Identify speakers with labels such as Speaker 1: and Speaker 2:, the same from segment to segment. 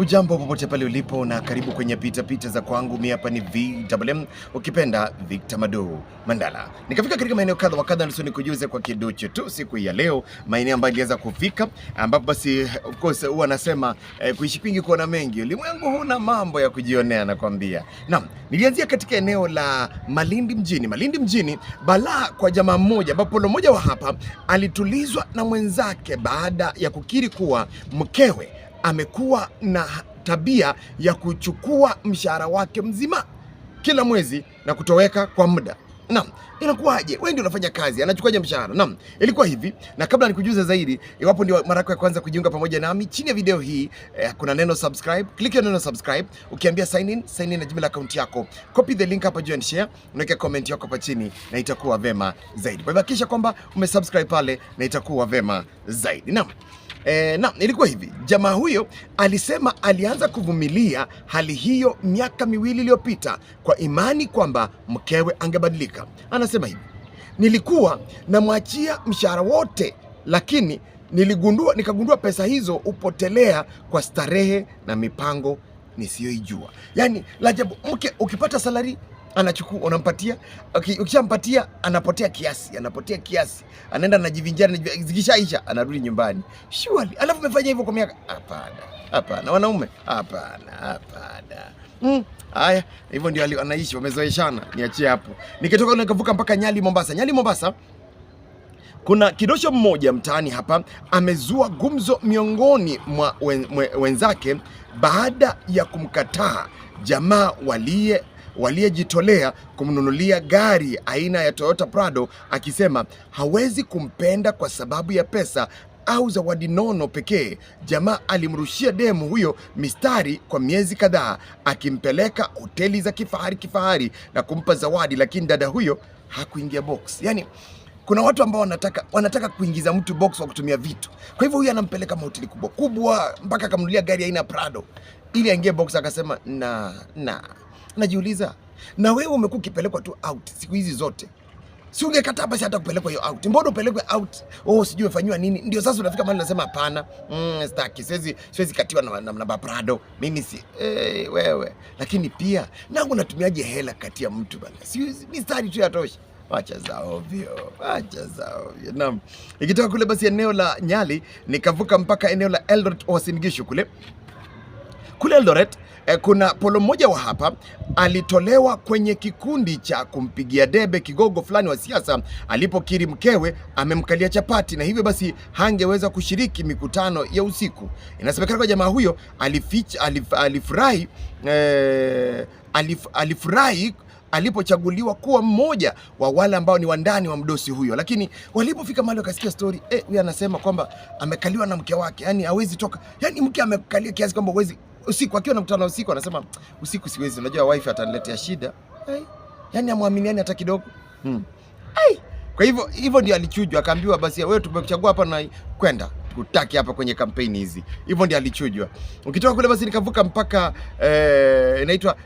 Speaker 1: Ujambo popote pale ulipo na karibu kwenye pita pita za kwangu. Mimi hapa ni VMM, ukipenda Victor Mado Mandala. Nikafika katika maeneo kadha wa kadha, nisoni kujuze kwa kiducho tu siku ya leo, maeneo ambayo niliweza kufika, ambapo basi of course huwa anasema eh, kuishi kwingi kuona mengi, ulimwengu huna mambo ya kujionea, nakwambia. Naam, nilianzia katika eneo la Malindi mjini. Malindi mjini, balaa kwa jamaa mmoja, ambapo mmoja wa hapa alitulizwa na mwenzake baada ya kukiri kuwa mkewe amekuwa na tabia ya kuchukua mshahara wake mzima kila mwezi na kutoweka kwa muda. Naam, inakuwaje? Wewe ndio unafanya kazi, anachukuaje mshahara? Naam, ilikuwa hivi, na kabla nikujuze zaidi, iwapo ndio mara yako ya kwanza kujiunga pamoja nami, chini ya video hii eh, kuna neno subscribe. Click ya neno subscribe, ukiambia sign in, sign in na Gmail account yako. Copy the link hapa juu and share, unaweka comment yako hapa chini na itakuwa vema zaidi. Kwa hivyo hakikisha kwamba umesubscribe pale na itakuwa vema zaidi. Naam. Eh, na ilikuwa hivi, jamaa huyo alisema alianza kuvumilia hali hiyo miaka miwili iliyopita kwa imani kwamba mkewe angebadilika. Pasaka anasema hivi, nilikuwa namwachia mshahara wote, lakini niligundua nikagundua pesa hizo upotelea kwa starehe na mipango nisiyoijua. Yani lajabu mke ukipata salari anachukua unampatia, ukishampatia anapotea kiasi, anapotea kiasi, anaenda anajivinjari, zikishaisha anarudi nyumbani. shuali. alafu umefanya hivyo kwa miaka? Hapana, hapana. Wanaume, hapana, hapana. Mm. Haya, hivyo ndio wanaishi, wamezoeshana. Niachie hapo. Nikitoka nikavuka mpaka Nyali Mombasa. Nyali Mombasa kuna kidosho mmoja mtaani hapa amezua gumzo miongoni mwa wen, mwe, wenzake baada ya kumkataa jamaa waliye waliyejitolea kumnunulia gari aina ya Toyota Prado akisema hawezi kumpenda kwa sababu ya pesa au zawadi nono pekee. Jamaa alimrushia demu huyo mistari kwa miezi kadhaa, akimpeleka hoteli za kifahari kifahari na kumpa zawadi, lakini dada huyo hakuingia box. Yani kuna watu ambao wanataka wanataka kuingiza mtu box wa kutumia vitu. Kwa hivyo huyu anampeleka mahoteli kubwa kubwa mpaka akamnulia gari aina Prado ili aingie box, akasema na na najiuliza na wewe umekuwa ukipelekwa tu out siku hizi zote, Si ungekataa basi hata kupelekwa hiyo out. Mbona upelekwe out? Oh, sijui umefanywa nini? Ndio sasa unafika mahali unasema hapana. Mm, staki. Siwezi siwezi katiwa na na, na Baprado. Mimi si eh, wewe. Lakini pia nangu natumiaje hela kati ya mtu bana. Siwezi mistari tu yatosha. Wacha za ovyo, wacha za ovyo. Naam, ikitoka kule basi eneo la Nyali nikavuka mpaka eneo la Eldoret Uasin oh, Gishu kule kule Eldoret eh, kuna polo mmoja wa hapa alitolewa kwenye kikundi cha kumpigia debe kigogo fulani wa siasa alipokiri mkewe amemkalia chapati na hivyo basi hangeweza kushiriki mikutano ya usiku. Inasemekana kwa jamaa huyo alificha, alif, alifurahi eh, alif, alifurahi alipochaguliwa kuwa mmoja wa wale ambao ni wandani wa mdosi huyo, lakini walipofika mahali wakasikia stori eh, huyu anasema kwamba amekaliwa na mke wake, yani hawezi toka, yani mke amekalia kiasi kwamba huwezi usiku, akiwa anakutana usiku anasema usiku siwezi, unajua wife ataniletea shida. Hey, yani amwaminiani hata kidogo hmm. Hey, kwa hivyo hivyo ndio alichujwa, akaambiwa basi wewe tumekuchagua hapa na kwenda kutaki hapa kwenye kampeni hizi. Hivyo ndio alichujwa. Ukitoka kule basi nikavuka mpaka eh, inaitwa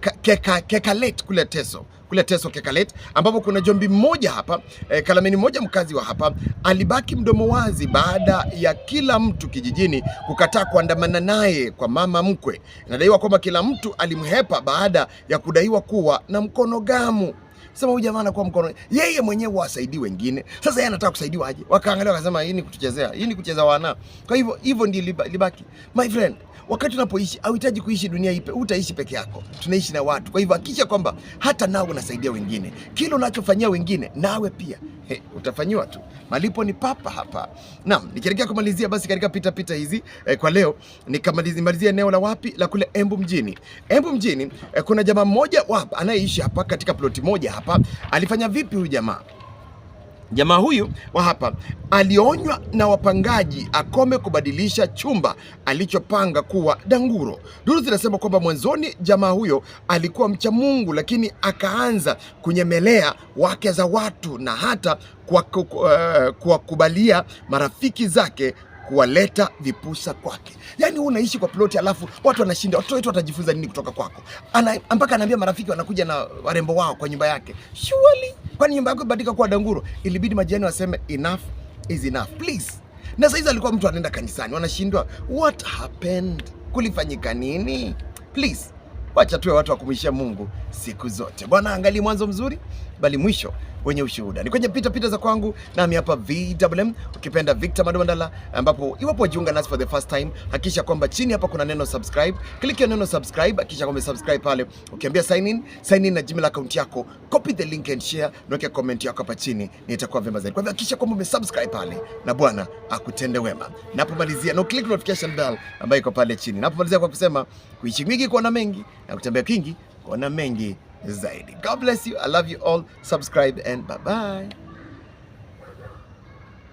Speaker 1: Keka, Kekalet kule Teso kule Teso Kekalet, ambapo kuna jombi mmoja hapa e, eh, kalameni mmoja mkazi wa hapa alibaki mdomo wazi baada ya kila mtu kijijini kukataa kuandamana naye kwa mama mkwe. Inadaiwa kwamba kila mtu alimhepa baada ya kudaiwa kuwa na mkono gamu. Sema huyu jamaa anakuwa mkono. Yeye mwenyewe wasaidii wengine. Sasa yeye anataka kusaidiwa aje? Wakaangalia wakasema hii ni kutuchezea. Hii ni kucheza wana. Kwa hivyo hivyo ndio libaki. My friend, wakati unapoishi hauhitaji kuishi dunia ipe, utaishi peke yako. Tunaishi na watu. Kwa hivyo hakikisha kwamba hata nawe unasaidia wengine. Kile unachofanyia wengine nawe pia He, eh, utafanyiwa tu malipo ni papa hapa. Naam, nikielekea kumalizia basi katika pita pita hizi eh, kwa leo nikamalizia eneo la wapi la kule Embu mjini. Embu mjini eh, kuna jamaa mmoja anayeishi hapa katika ploti moja hapa. Alifanya vipi huyu jamaa? Jamaa huyu wa hapa alionywa na wapangaji akome kubadilisha chumba alichopanga kuwa danguro. Duru zinasema kwamba mwanzoni jamaa huyo alikuwa mcha Mungu, lakini akaanza kunyemelea wake za watu na hata eh, kuwakubalia marafiki zake kuwaleta vipusa kwake. Yani unaishi kwa ploti, alafu watu wanashinda, watoto wetu watajifunza nini kutoka kwako? Mpaka anaambia marafiki wanakuja na warembo wao kwa nyumba yake. Surely Kwani nyumba yako ibadilika kuwa danguro? Ilibidi majirani waseme enough is enough, please. Na sasa hizi alikuwa mtu anaenda kanisani, wanashindwa what happened, kulifanyika nini? Please wacha tuwe watu wa kumwishia Mungu siku zote. Bwana, angalia mwanzo mzuri bali mwisho wenye ushuhuda. Ni kwenye pita pita za kwangu, nami hapa VMM, ukipenda Victor Mandala, ambapo iwapo wajiunga nasi for the first time, hakisha kwamba chini hapa kuna neno subscribe, click kliki neno subscribe, hakisha kwamba subscribe pale, ukiambia sign in, sign in na Gmail account yako, copy the link and share, na weka comment yako hapa chini, nitakuwa vyema zaidi. Kwa hivyo hakisha kwamba umesubscribe pale, na Bwana akutende wema. Napomalizia no click notification bell ambayo iko pale chini. Napomalizia kwa kusema kuishi mingi kuona mengi na kutembea kingi kuona mengi. Zaidi. God bless you. I love you all. Subscribe and bye bye.